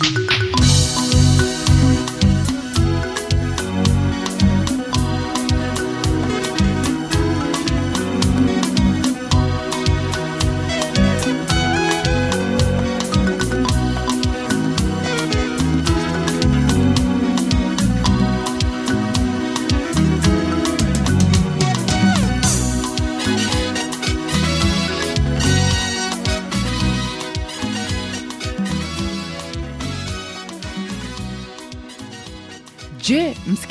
Thank you.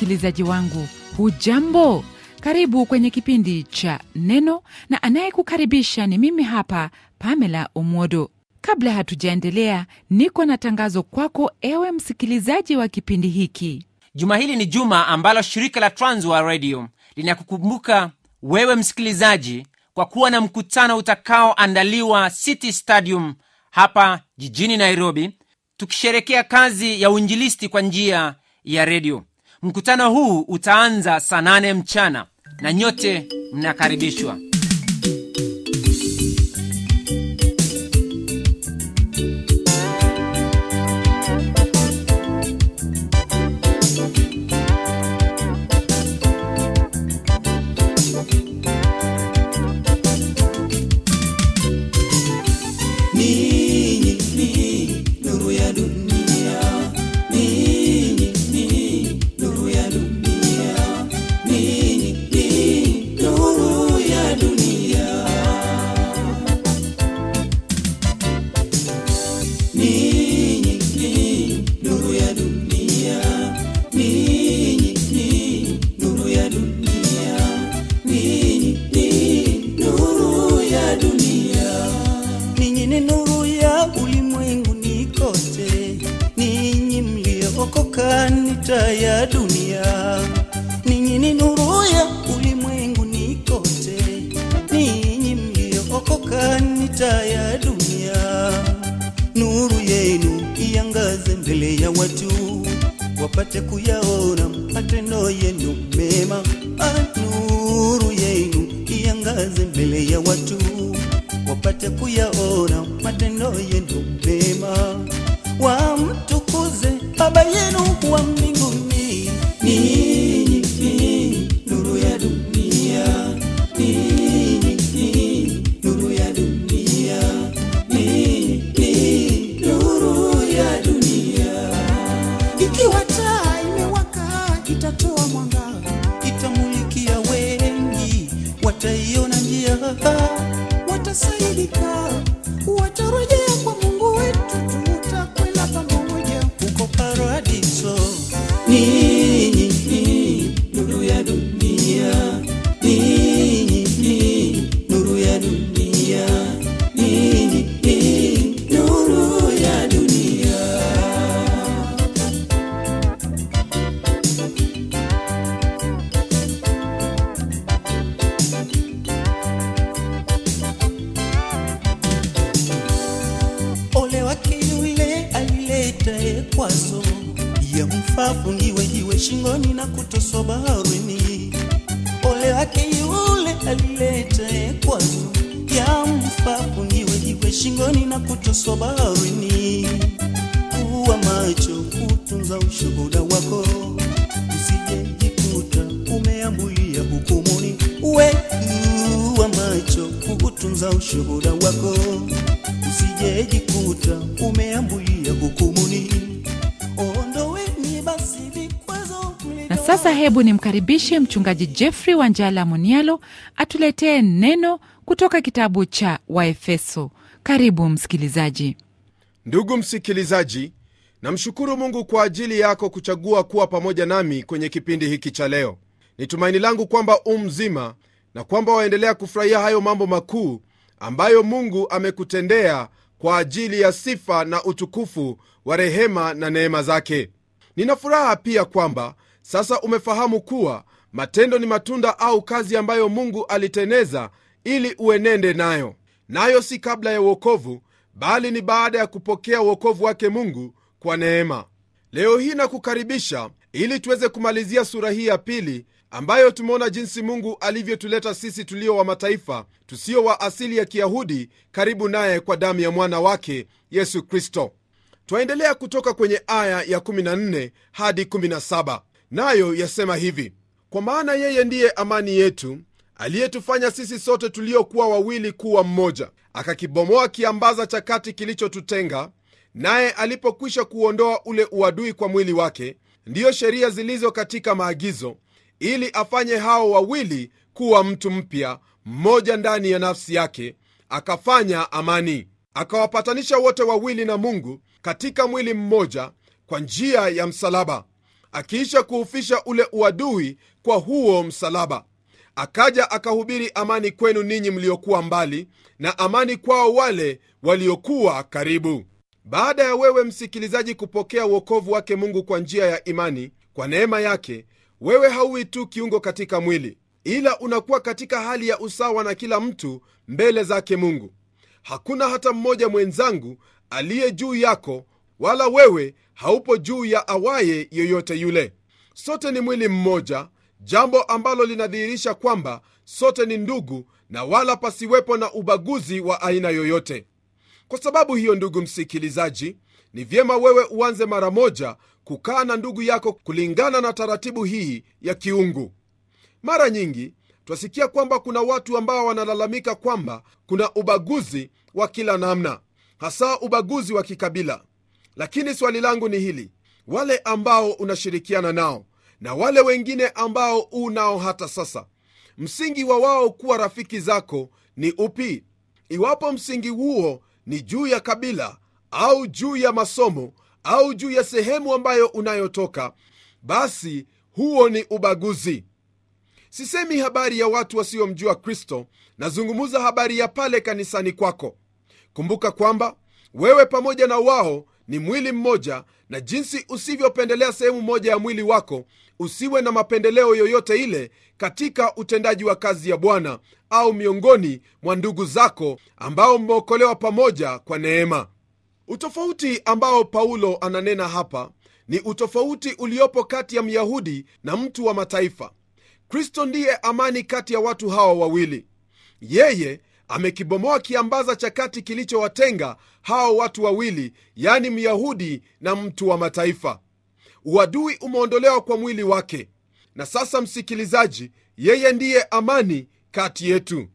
msikilizaji wangu hujambo karibu kwenye kipindi cha neno na anayekukaribisha ni mimi hapa pamela umwodo kabla hatujaendelea niko na tangazo kwako ewe msikilizaji wa kipindi hiki juma hili ni juma ambalo shirika la transwa radio linakukumbuka wewe msikilizaji kwa kuwa na mkutano utakaoandaliwa city stadium hapa jijini nairobi tukisherekea kazi ya uinjilisti kwa njia ya redio Mkutano huu utaanza saa nane mchana na nyote mnakaribishwa. shingoni na kutoswa barini, Kuwa macho kutunza ushuhuda wako, usijejikuta umeambulia hukumuni. Uwe kuwa macho kutunza ushuhuda wako, usijejikuta umeambulia hukumuni. Ondoweni basi vikwazo. sasa hebu nimkaribishe mchungaji Jeffrey Wanjala Munialo atuletee neno kutoka kitabu cha Waefeso karibu msikilizaji. Ndugu msikilizaji, namshukuru Mungu kwa ajili yako kuchagua kuwa pamoja nami kwenye kipindi hiki cha leo. Ni tumaini langu kwamba u mzima na kwamba waendelea kufurahia hayo mambo makuu ambayo Mungu amekutendea kwa ajili ya sifa na utukufu wa rehema na neema zake. Nina furaha pia kwamba sasa umefahamu kuwa matendo ni matunda au kazi ambayo Mungu aliteneza ili uenende nayo nayo si kabla ya uokovu, bali ni baada ya kupokea uokovu wake Mungu kwa neema. Leo hii nakukaribisha ili tuweze kumalizia sura hii ya pili ambayo tumeona jinsi Mungu alivyotuleta sisi tulio wa mataifa tusio wa asili ya Kiyahudi karibu naye kwa damu ya mwana wake Yesu Kristo. Twaendelea kutoka kwenye aya ya 14 hadi 17, nayo yasema hivi: kwa maana yeye ndiye amani yetu, aliyetufanya sisi sote tuliokuwa wawili kuwa mmoja, akakibomoa kiambaza cha kati kilichotutenga naye, alipokwisha kuondoa ule uadui kwa mwili wake, ndiyo sheria zilizo katika maagizo, ili afanye hao wawili kuwa mtu mpya mmoja ndani ya nafsi yake, akafanya amani, akawapatanisha wote wawili na Mungu katika mwili mmoja kwa njia ya msalaba, akiisha kuufisha ule uadui kwa huo msalaba akaja akahubiri amani kwenu ninyi mliokuwa mbali na amani kwao wale waliokuwa karibu. Baada ya wewe msikilizaji kupokea uokovu wake Mungu kwa njia ya imani, kwa neema yake, wewe hauwi tu kiungo katika mwili, ila unakuwa katika hali ya usawa na kila mtu mbele zake Mungu. Hakuna hata mmoja mwenzangu aliye juu yako, wala wewe haupo juu ya awaye yoyote yule. Sote ni mwili mmoja jambo ambalo linadhihirisha kwamba sote ni ndugu na wala pasiwepo na ubaguzi wa aina yoyote. Kwa sababu hiyo, ndugu msikilizaji, ni vyema wewe uanze mara moja kukaa na ndugu yako kulingana na taratibu hii ya kiungu. Mara nyingi twasikia kwamba kuna watu ambao wanalalamika kwamba kuna ubaguzi wa kila namna, hasa ubaguzi wa kikabila. Lakini swali langu ni hili: wale ambao unashirikiana nao na wale wengine ambao unao hata sasa msingi wa wao kuwa rafiki zako ni upi iwapo msingi huo ni juu ya kabila au juu ya masomo au juu ya sehemu ambayo unayotoka basi huo ni ubaguzi sisemi habari ya watu wasiomjua kristo nazungumza habari ya pale kanisani kwako kumbuka kwamba wewe pamoja na wao ni mwili mmoja na jinsi usivyopendelea sehemu moja ya mwili wako usiwe na mapendeleo yoyote ile katika utendaji wa kazi ya bwana au miongoni mwa ndugu zako ambao mmeokolewa pamoja kwa neema utofauti ambao paulo ananena hapa ni utofauti uliopo kati ya myahudi na mtu wa mataifa kristo ndiye amani kati ya watu hawa wawili yeye amekibomoa kiambaza cha kati kilichowatenga hao watu wawili, yaani Myahudi na mtu wa mataifa. Uadui umeondolewa kwa mwili wake, na sasa, msikilizaji, yeye ndiye amani kati yetu.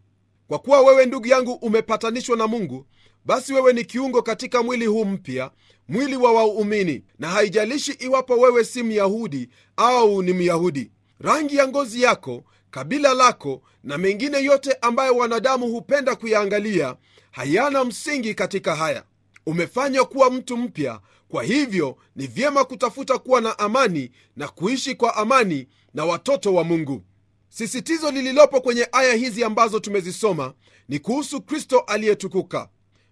Kwa kuwa wewe ndugu yangu umepatanishwa na Mungu, basi wewe ni kiungo katika mwili huu mpya, mwili wa waumini, na haijalishi iwapo wewe si Myahudi au ni Myahudi. Rangi ya ngozi yako kabila lako na mengine yote ambayo wanadamu hupenda kuyaangalia hayana msingi katika haya umefanywa kuwa mtu mpya kwa hivyo ni vyema kutafuta kuwa na amani na kuishi kwa amani na watoto wa mungu sisitizo lililopo kwenye aya hizi ambazo tumezisoma ni kuhusu kristo aliyetukuka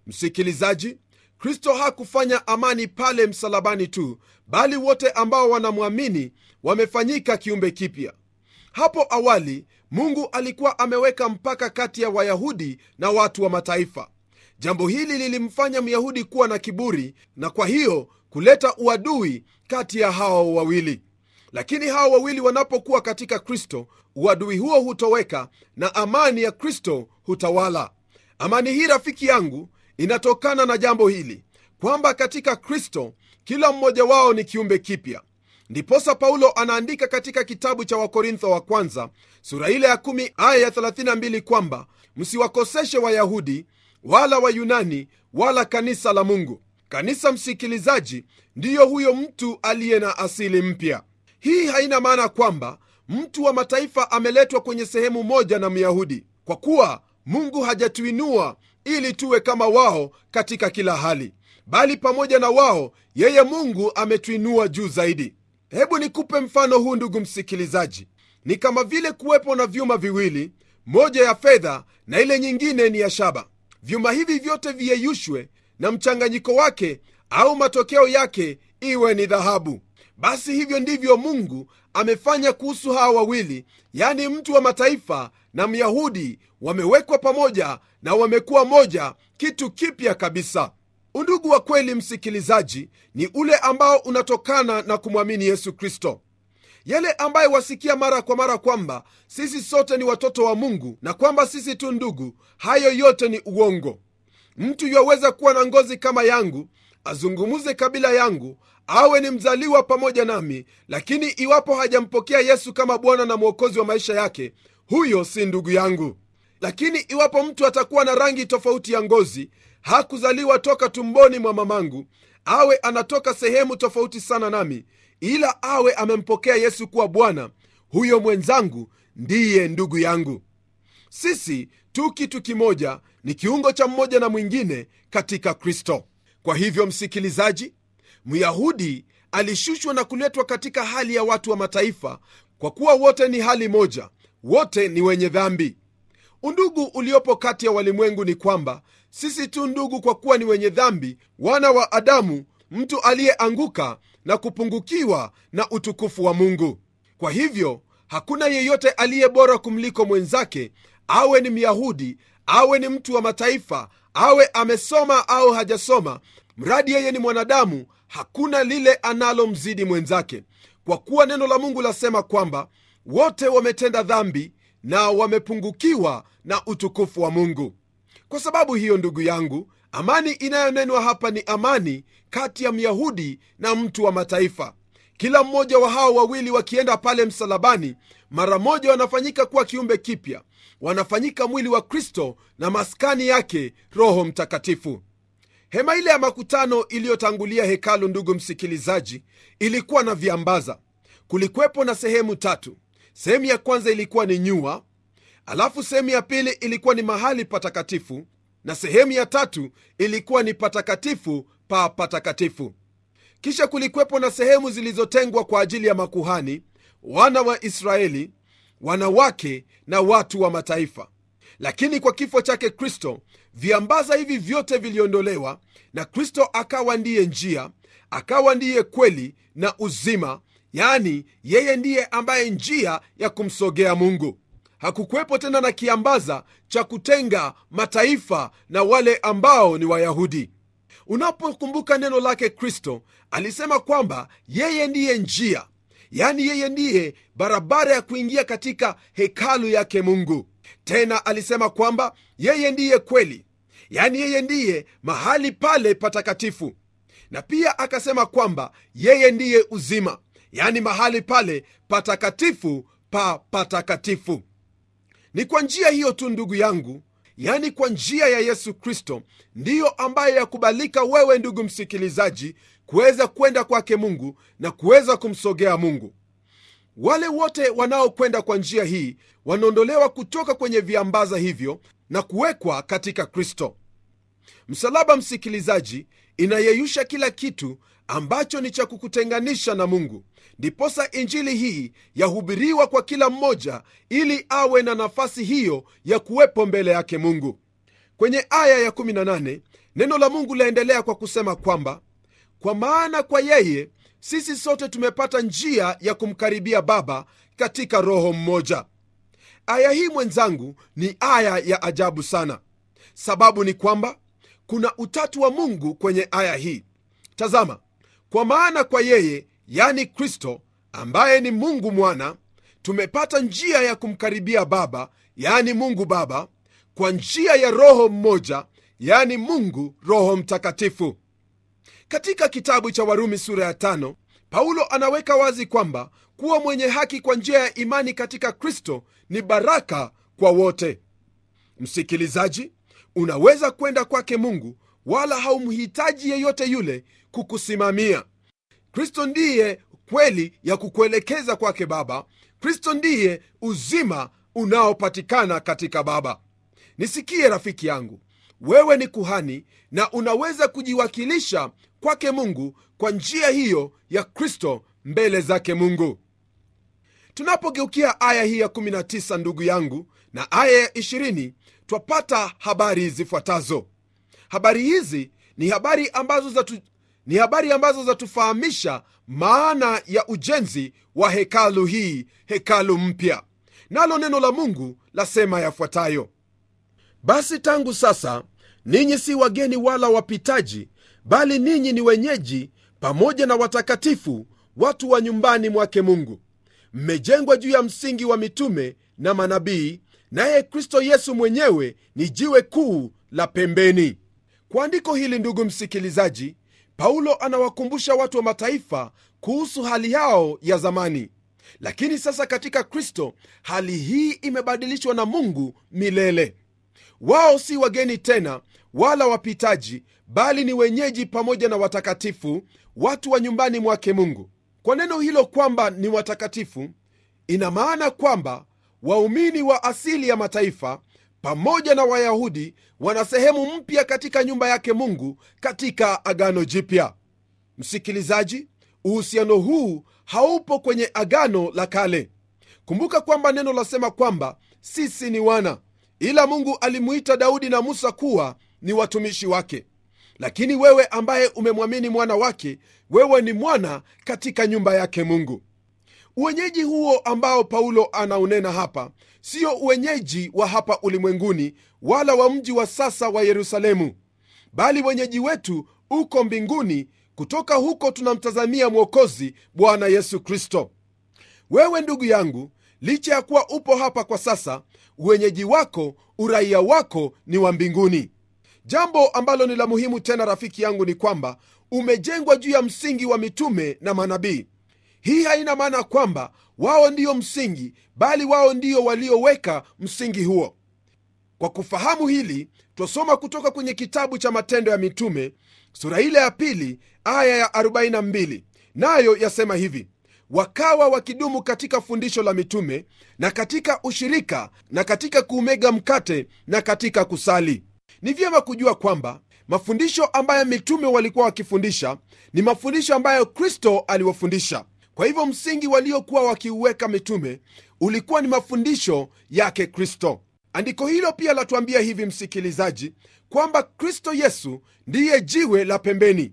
msikilizaji kristo hakufanya amani pale msalabani tu bali wote ambao wanamwamini wamefanyika kiumbe kipya hapo awali mungu alikuwa ameweka mpaka kati ya wayahudi na watu wa mataifa jambo hili lilimfanya myahudi kuwa na kiburi na kwa hiyo kuleta uadui kati ya hawa wawili lakini hawa wawili wanapokuwa katika kristo uadui huo hutoweka na amani ya kristo hutawala amani hii rafiki yangu inatokana na jambo hili kwamba katika kristo kila mmoja wao ni kiumbe kipya ndiposa paulo anaandika katika kitabu cha wakorintho wa kwanza sura ile ya 10 aya ya 32 kwamba msiwakoseshe wayahudi wala wayunani wala kanisa la mungu kanisa msikilizaji ndiyo huyo mtu aliye na asili mpya hii haina maana kwamba mtu wa mataifa ameletwa kwenye sehemu moja na myahudi kwa kuwa mungu hajatuinua ili tuwe kama wao katika kila hali bali pamoja na wao yeye mungu ametuinua juu zaidi Hebu nikupe mfano huu, ndugu msikilizaji. Ni kama vile kuwepo na vyuma viwili, moja ya fedha na ile nyingine ni ya shaba. Vyuma hivi vyote viyeyushwe na mchanganyiko wake au matokeo yake iwe ni dhahabu. Basi hivyo ndivyo Mungu amefanya kuhusu hawa wawili, yaani mtu wa mataifa na Myahudi, wamewekwa pamoja na wamekuwa moja, kitu kipya kabisa. Undugu wa kweli, msikilizaji, ni ule ambao unatokana na kumwamini Yesu Kristo, yale ambaye wasikia mara kwa mara kwamba sisi sote ni watoto wa Mungu na kwamba sisi tu ndugu. Hayo yote ni uongo. Mtu yuaweza kuwa na ngozi kama yangu, azungumuze kabila yangu, awe ni mzaliwa pamoja nami, lakini iwapo hajampokea Yesu kama Bwana na Mwokozi wa maisha yake, huyo si ndugu yangu. Lakini iwapo mtu atakuwa na rangi tofauti ya ngozi hakuzaliwa toka tumboni mwa mamangu awe anatoka sehemu tofauti sana nami ila awe amempokea yesu kuwa bwana huyo mwenzangu ndiye ndugu yangu sisi tu kitu kimoja ni kiungo cha mmoja na mwingine katika kristo kwa hivyo msikilizaji myahudi alishushwa na kuletwa katika hali ya watu wa mataifa kwa kuwa wote ni hali moja wote ni wenye dhambi undugu uliopo kati ya walimwengu ni kwamba sisi tu ndugu kwa kuwa ni wenye dhambi wana wa adamu mtu aliyeanguka na kupungukiwa na utukufu wa mungu kwa hivyo hakuna yeyote aliye bora kumliko mwenzake awe ni myahudi awe ni mtu wa mataifa awe amesoma au hajasoma mradi yeye ni mwanadamu hakuna lile analomzidi mwenzake kwa kuwa neno la mungu lasema kwamba wote wametenda dhambi na wamepungukiwa na utukufu wa mungu kwa sababu hiyo ndugu yangu amani inayonenwa hapa ni amani kati ya myahudi na mtu wa mataifa kila mmoja wa hawa wawili wakienda pale msalabani mara moja wanafanyika kuwa kiumbe kipya wanafanyika mwili wa kristo na maskani yake roho mtakatifu hema ile ya makutano iliyotangulia hekalu ndugu msikilizaji ilikuwa na viambaza kulikuwepo na sehemu tatu sehemu ya kwanza ilikuwa ni nyua alafu sehemu ya pili ilikuwa ni mahali patakatifu na sehemu ya tatu ilikuwa ni patakatifu pa patakatifu. Kisha kulikwepo na sehemu zilizotengwa kwa ajili ya makuhani, wana wa Israeli, wanawake na watu wa mataifa. Lakini kwa kifo chake Kristo, viambaza hivi vyote viliondolewa, na Kristo akawa ndiye njia, akawa ndiye kweli na uzima, yaani yeye ndiye ambaye njia ya kumsogea Mungu hakukuwepo tena na kiambaza cha kutenga mataifa na wale ambao ni Wayahudi. Unapokumbuka neno lake Kristo alisema kwamba yeye ndiye njia, yaani yeye ndiye barabara ya kuingia katika hekalu yake Mungu. Tena alisema kwamba yeye ndiye kweli, yaani yeye ndiye mahali pale patakatifu, na pia akasema kwamba yeye ndiye uzima, yaani mahali pale patakatifu pa patakatifu. Ni kwa njia hiyo tu ndugu yangu, yaani kwa njia ya Yesu Kristo, ndiyo ambayo yakubalika wewe ndugu msikilizaji kuweza kwenda kwake Mungu na kuweza kumsogea Mungu. Wale wote wanaokwenda kwa njia hii wanaondolewa kutoka kwenye viambaza hivyo na kuwekwa katika Kristo. Msalaba, msikilizaji, inayeyusha kila kitu ambacho ni cha kukutenganisha na Mungu. Ndiposa injili hii yahubiriwa kwa kila mmoja, ili awe na nafasi hiyo ya kuwepo mbele yake Mungu. Kwenye aya ya 18 neno la Mungu laendelea kwa kusema kwamba kwa maana kwa yeye sisi sote tumepata njia ya kumkaribia Baba katika Roho mmoja. Aya hii mwenzangu, ni aya ya ajabu sana. Sababu ni kwamba kuna utatu wa Mungu kwenye aya hii. Tazama, kwa maana kwa yeye yani kristo ambaye ni mungu mwana tumepata njia ya kumkaribia baba yani mungu baba kwa njia ya roho mmoja yani mungu roho mtakatifu katika kitabu cha warumi sura ya tano paulo anaweka wazi kwamba kuwa mwenye haki kwa njia ya imani katika kristo ni baraka kwa wote msikilizaji unaweza kwenda kwake mungu wala haumhitaji yeyote yule kukusimamia. Kristo ndiye kweli ya kukuelekeza kwake Baba. Kristo ndiye uzima unaopatikana katika Baba. Nisikie rafiki yangu, wewe ni kuhani na unaweza kujiwakilisha kwake Mungu kwa njia hiyo ya Kristo mbele zake Mungu. Tunapogeukia aya hii ya 19 ndugu yangu, na aya ya 20 twapata habari zifuatazo habari hizi ni habari ambazo zatu, ni habari ambazo zatufahamisha maana ya ujenzi wa hekalu hii hekalu mpya nalo neno la mungu lasema yafuatayo basi tangu sasa ninyi si wageni wala wapitaji bali ninyi ni wenyeji pamoja na watakatifu watu wa nyumbani mwake mungu mmejengwa juu ya msingi wa mitume na manabii naye kristo yesu mwenyewe ni jiwe kuu la pembeni kwa andiko hili, ndugu msikilizaji, Paulo anawakumbusha watu wa mataifa kuhusu hali yao ya zamani, lakini sasa katika Kristo hali hii imebadilishwa na Mungu milele. Wao si wageni tena wala wapitaji, bali ni wenyeji pamoja na watakatifu, watu wa nyumbani mwake Mungu. Kwa neno hilo kwamba ni watakatifu, ina maana kwamba waumini wa asili ya mataifa pamoja na Wayahudi wana sehemu mpya katika nyumba yake Mungu katika Agano Jipya. Msikilizaji, uhusiano huu haupo kwenye Agano la Kale. Kumbuka kwamba neno lasema kwamba sisi ni wana, ila Mungu alimuita Daudi na Musa kuwa ni watumishi wake. Lakini wewe ambaye umemwamini mwana wake, wewe ni mwana katika nyumba yake Mungu uwenyeji huo ambao paulo anaunena hapa sio uwenyeji wa hapa ulimwenguni wala wa mji wa sasa wa yerusalemu bali wenyeji wetu uko mbinguni kutoka huko tunamtazamia mwokozi bwana yesu kristo wewe ndugu yangu licha ya kuwa upo hapa kwa sasa uwenyeji wako uraia wako ni wa mbinguni jambo ambalo ni la muhimu tena rafiki yangu ni kwamba umejengwa juu ya msingi wa mitume na manabii hii haina maana kwamba wao ndiyo msingi bali wao ndiyo walioweka msingi huo kwa kufahamu hili twasoma kutoka kwenye kitabu cha matendo ya mitume sura ile ya pili aya ya 42 nayo yasema hivi wakawa wakidumu katika fundisho la mitume na katika ushirika na katika kuumega mkate na katika kusali ni vyema kujua kwamba mafundisho ambayo mitume walikuwa wakifundisha ni mafundisho ambayo kristo aliwafundisha kwa hivyo msingi waliokuwa wakiuweka mitume ulikuwa ni mafundisho yake kristo andiko hilo pia latuambia hivi msikilizaji kwamba kristo yesu ndiye jiwe la pembeni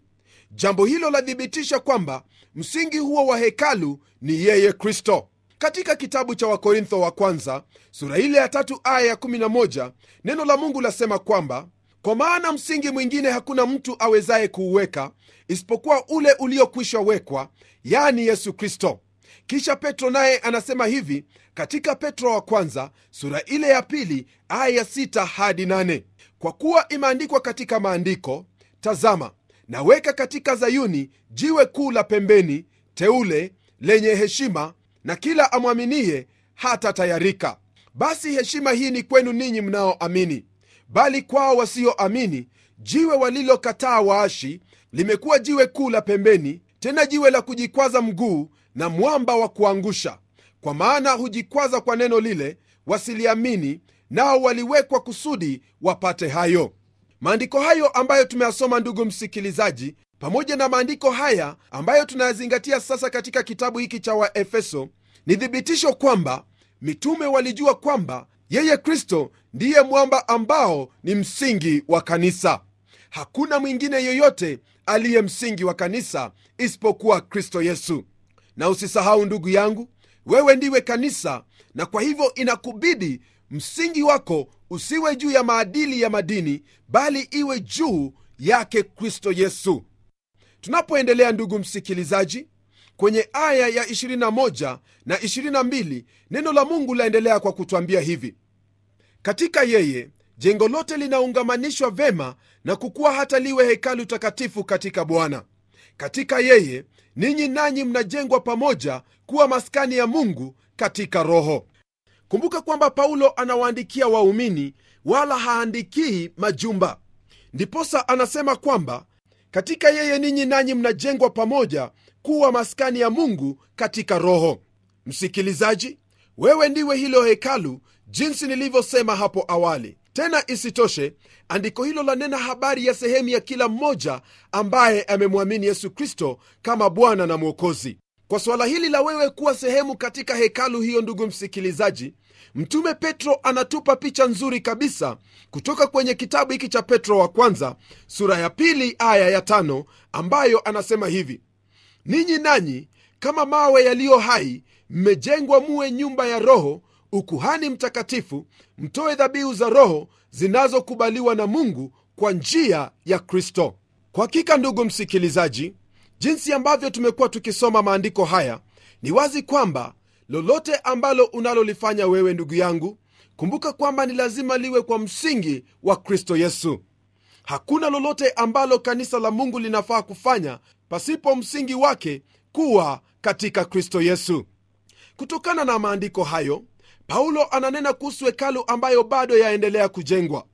jambo hilo lathibitisha kwamba msingi huo wa hekalu ni yeye kristo katika kitabu cha wakorintho wa kwanza sura ile ya tatu aya ya 11 neno la mungu lasema kwamba kwa maana msingi mwingine hakuna mtu awezaye kuuweka isipokuwa ule uliokwisha wekwa, yani Yesu Kristo. Kisha Petro naye anasema hivi katika Petro wa kwanza sura ile ya pili aya ya sita hadi nane kwa kuwa imeandikwa katika maandiko, tazama naweka katika Zayuni jiwe kuu la pembeni, teule lenye heshima, na kila amwaminiye hata tayarika. Basi heshima hii ni kwenu ninyi mnaoamini bali kwao wasioamini jiwe walilokataa waashi limekuwa jiwe kuu la pembeni, tena jiwe la kujikwaza mguu na mwamba wa kuangusha. Kwa maana hujikwaza kwa neno lile, wasiliamini, nao waliwekwa kusudi wapate hayo. Maandiko hayo ambayo tumeyasoma, ndugu msikilizaji, pamoja na maandiko haya ambayo tunayazingatia sasa katika kitabu hiki cha Waefeso ni thibitisho kwamba mitume walijua kwamba yeye Kristo ndiye mwamba ambao ni msingi wa kanisa. Hakuna mwingine yoyote aliye msingi wa kanisa isipokuwa Kristo Yesu. Na usisahau ndugu yangu, wewe ndiwe kanisa, na kwa hivyo inakubidi msingi wako usiwe juu ya maadili ya madini, bali iwe juu yake Kristo Yesu. Tunapoendelea ndugu msikilizaji, kwenye aya ya 21 na 22 neno la mungu laendelea kwa kutwambia hivi katika yeye jengo lote linaungamanishwa vema na kukuwa hata liwe hekalu takatifu katika bwana katika yeye ninyi nanyi mnajengwa pamoja kuwa maskani ya mungu katika roho kumbuka kwamba paulo anawaandikia waumini wala haandikii majumba ndiposa anasema kwamba katika yeye ninyi nanyi mnajengwa pamoja kuwa maskani ya Mungu katika Roho. Msikilizaji, wewe ndiwe hilo hekalu, jinsi nilivyosema hapo awali. Tena isitoshe, andiko hilo lanena habari ya sehemu ya kila mmoja ambaye amemwamini Yesu Kristo kama Bwana na Mwokozi. Kwa suala hili la wewe kuwa sehemu katika hekalu hiyo, ndugu msikilizaji, mtume petro anatupa picha nzuri kabisa kutoka kwenye kitabu hiki cha petro wa kwanza sura ya pili aya ya tano ambayo anasema hivi ninyi nanyi kama mawe yaliyo hai mmejengwa muwe nyumba ya roho ukuhani mtakatifu mtoe dhabihu za roho zinazokubaliwa na mungu kwa njia ya kristo kwa hakika ndugu msikilizaji jinsi ambavyo tumekuwa tukisoma maandiko haya ni wazi kwamba lolote ambalo unalolifanya wewe ndugu yangu kumbuka kwamba ni lazima liwe kwa msingi wa kristo yesu hakuna lolote ambalo kanisa la mungu linafaa kufanya pasipo msingi wake kuwa katika kristo yesu kutokana na maandiko hayo paulo ananena kuhusu hekalu ambayo bado yaendelea kujengwa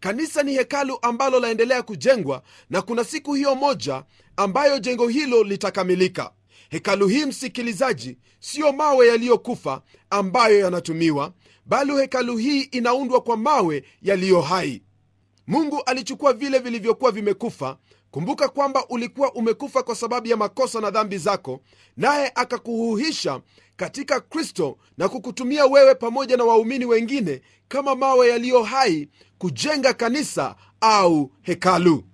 kanisa ni hekalu ambalo laendelea kujengwa na kuna siku hiyo moja ambayo jengo hilo litakamilika Hekalu hii msikilizaji, siyo mawe yaliyokufa ambayo yanatumiwa, bali hekalu hii inaundwa kwa mawe yaliyo hai. Mungu alichukua vile vilivyokuwa vimekufa. Kumbuka kwamba ulikuwa umekufa kwa sababu ya makosa na dhambi zako, naye akakuhuhisha katika Kristo na kukutumia wewe pamoja na waumini wengine kama mawe yaliyo hai kujenga kanisa au hekalu.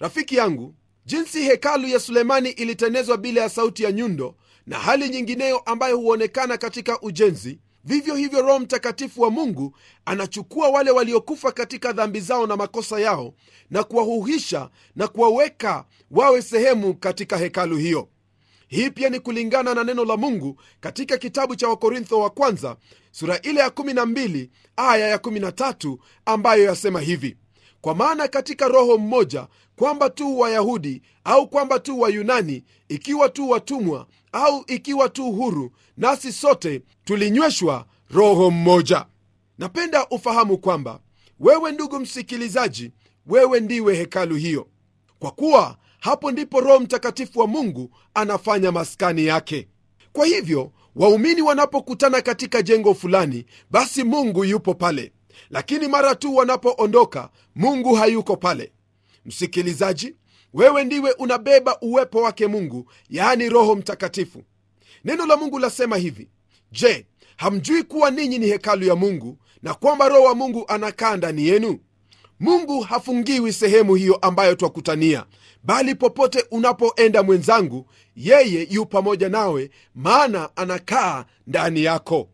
Rafiki yangu, jinsi hekalu ya sulemani ilitenezwa bila ya sauti ya nyundo na hali nyingineyo ambayo huonekana katika ujenzi vivyo hivyo roho mtakatifu wa mungu anachukua wale waliokufa katika dhambi zao na makosa yao na kuwahuhisha na kuwaweka wawe sehemu katika hekalu hiyo hii pia ni kulingana na neno la mungu katika kitabu cha wakorintho wa kwanza sura ile ya 12 aya ya 13 ambayo yasema hivi kwa maana katika roho mmoja kwamba tu wayahudi au kwamba tu wayunani ikiwa tu watumwa au ikiwa tu huru nasi sote tulinyweshwa roho mmoja napenda ufahamu kwamba wewe ndugu msikilizaji wewe ndiwe hekalu hiyo kwa kuwa hapo ndipo roho mtakatifu wa mungu anafanya maskani yake kwa hivyo waumini wanapokutana katika jengo fulani basi mungu yupo pale lakini mara tu wanapoondoka mungu hayuko pale Msikilizaji, wewe ndiwe unabeba uwepo wake Mungu, yaani Roho Mtakatifu. Neno la Mungu lasema hivi: Je, hamjui kuwa ninyi ni hekalu ya Mungu na kwamba Roho wa Mungu anakaa ndani yenu? Mungu hafungiwi sehemu hiyo ambayo twakutania, bali popote unapoenda mwenzangu, yeye yu pamoja nawe, maana anakaa ndani yako.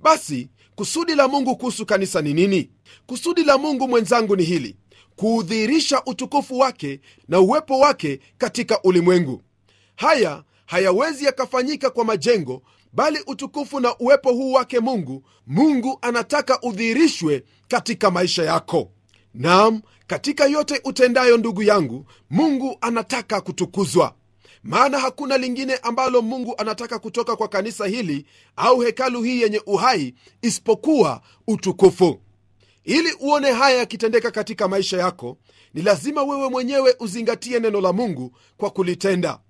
Basi kusudi la Mungu kuhusu kanisa ni nini? Kusudi la Mungu mwenzangu ni hili kuudhihirisha utukufu wake na uwepo wake katika ulimwengu. Haya hayawezi yakafanyika kwa majengo, bali utukufu na uwepo huu wake Mungu, Mungu anataka udhihirishwe katika maisha yako. nam katika yote utendayo, ndugu yangu, Mungu anataka kutukuzwa, maana hakuna lingine ambalo Mungu anataka kutoka kwa kanisa hili au hekalu hii yenye uhai isipokuwa utukufu ili uone haya yakitendeka katika maisha yako ni lazima wewe mwenyewe uzingatie neno la mungu kwa kulitenda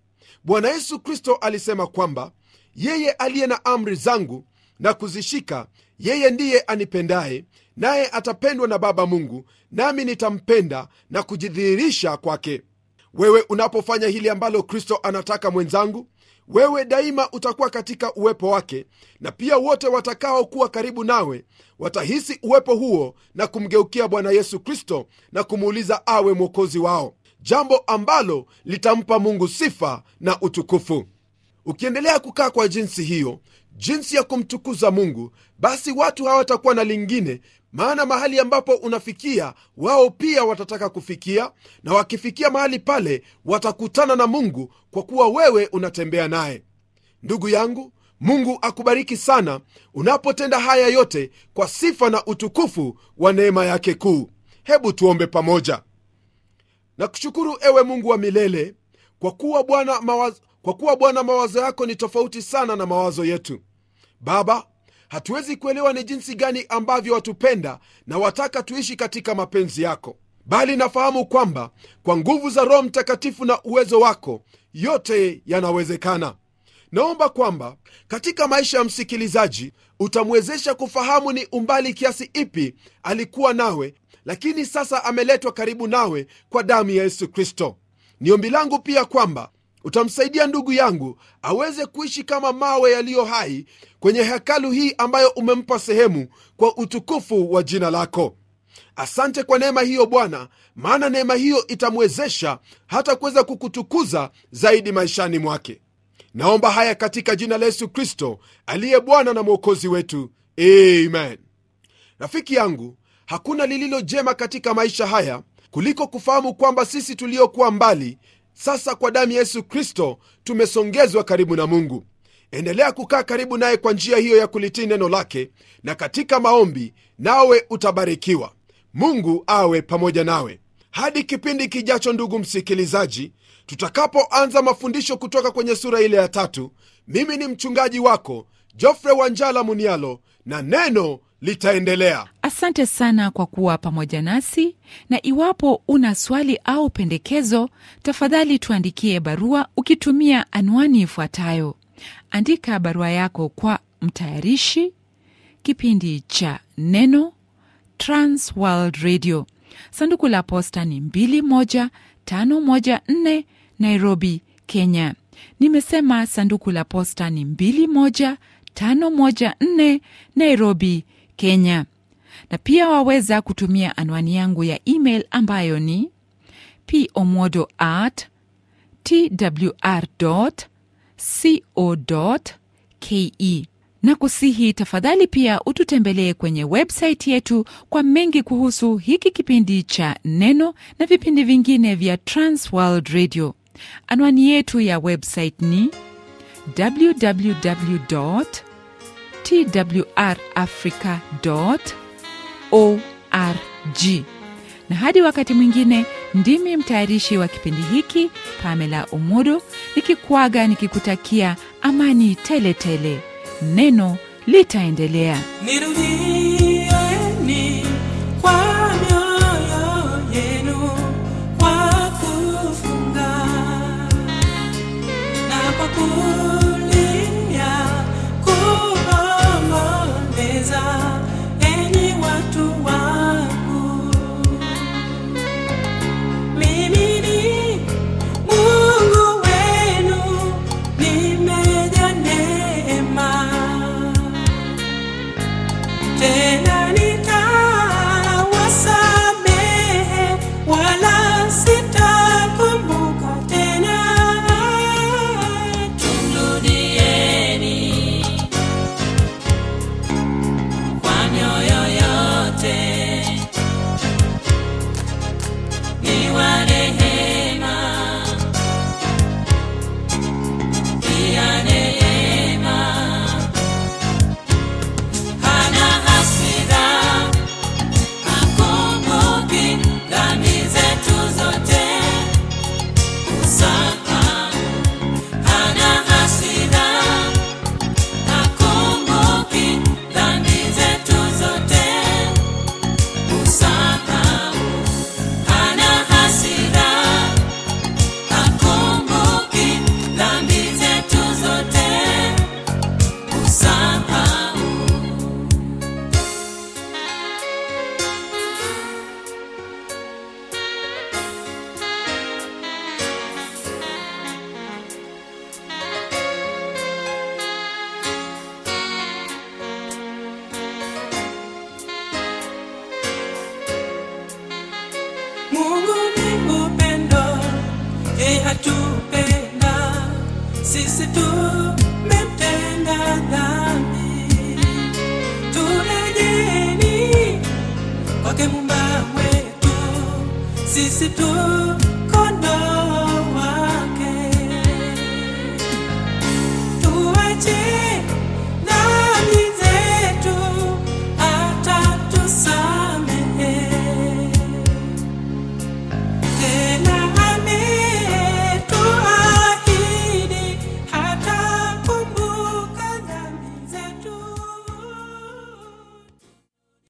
bwana yesu kristo alisema kwamba yeye aliye na amri zangu na kuzishika yeye ndiye anipendaye naye atapendwa na baba mungu nami nitampenda na kujidhihirisha kwake wewe unapofanya hili ambalo kristo anataka mwenzangu wewe daima utakuwa katika uwepo wake na pia wote watakaokuwa karibu nawe watahisi uwepo huo na kumgeukia bwana yesu kristo na kumuuliza awe mwokozi wao jambo ambalo litampa mungu sifa na utukufu ukiendelea kukaa kwa jinsi hiyo jinsi ya kumtukuza mungu basi watu hawatakuwa na lingine maana mahali ambapo unafikia wao pia watataka kufikia na wakifikia mahali pale watakutana na mungu kwa kuwa wewe unatembea naye ndugu yangu mungu akubariki sana unapotenda haya yote kwa sifa na utukufu wa neema yake kuu hebu tuombe pamoja nakushukuru ewe mungu wa milele kwa kuwa bwana mawazo, kuwa bwana mawazo yako ni tofauti sana na mawazo yetu baba hatuwezi kuelewa ni jinsi gani ambavyo watupenda na wataka tuishi katika mapenzi yako bali nafahamu kwamba kwa nguvu za roho mtakatifu na uwezo wako yote yanawezekana naomba kwamba katika maisha ya msikilizaji utamwezesha kufahamu ni umbali kiasi ipi alikuwa nawe lakini sasa ameletwa karibu nawe kwa damu ya yesu kristo ni ombi langu pia kwamba utamsaidia ndugu yangu aweze kuishi kama mawe yaliyo hai kwenye hekalu hii ambayo umempa sehemu kwa utukufu wa jina lako asante kwa neema hiyo bwana maana neema hiyo itamwezesha hata kuweza kukutukuza zaidi maishani mwake naomba haya katika jina la yesu kristo aliye bwana na mwokozi wetu amen rafiki yangu hakuna lililo jema katika maisha haya kuliko kufahamu kwamba sisi tuliokuwa mbali sasa kwa damu ya Yesu Kristo tumesongezwa karibu na Mungu. Endelea kukaa karibu naye kwa njia hiyo ya kulitii neno lake na katika maombi, nawe utabarikiwa. Mungu awe pamoja nawe hadi kipindi kijacho. Ndugu msikilizaji, tutakapoanza mafundisho kutoka kwenye sura ile ya tatu, mimi ni mchungaji wako Jofre Wanjala Munialo, na neno litaendelea. Asante sana kwa kuwa pamoja nasi, na iwapo una swali au pendekezo, tafadhali tuandikie barua ukitumia anwani ifuatayo. Andika barua yako kwa mtayarishi kipindi cha Neno, Transworld Radio, sanduku la posta ni 2154 Nairobi, Kenya. Nimesema sanduku la posta ni 2154 Nairobi, Kenya, na pia waweza kutumia anwani yangu ya email ambayo ni pomodo at twr co ke na kusihi tafadhali pia ututembelee kwenye websaiti yetu kwa mengi kuhusu hiki kipindi cha Neno na vipindi vingine vya Transworld Radio. Anwani yetu ya website ni www twrafrica.org. Na hadi wakati mwingine, ndimi mtayarishi wa kipindi hiki Pamela Umudu nikikwaga nikikutakia amani teletele tele. Neno litaendelea. Nirudi.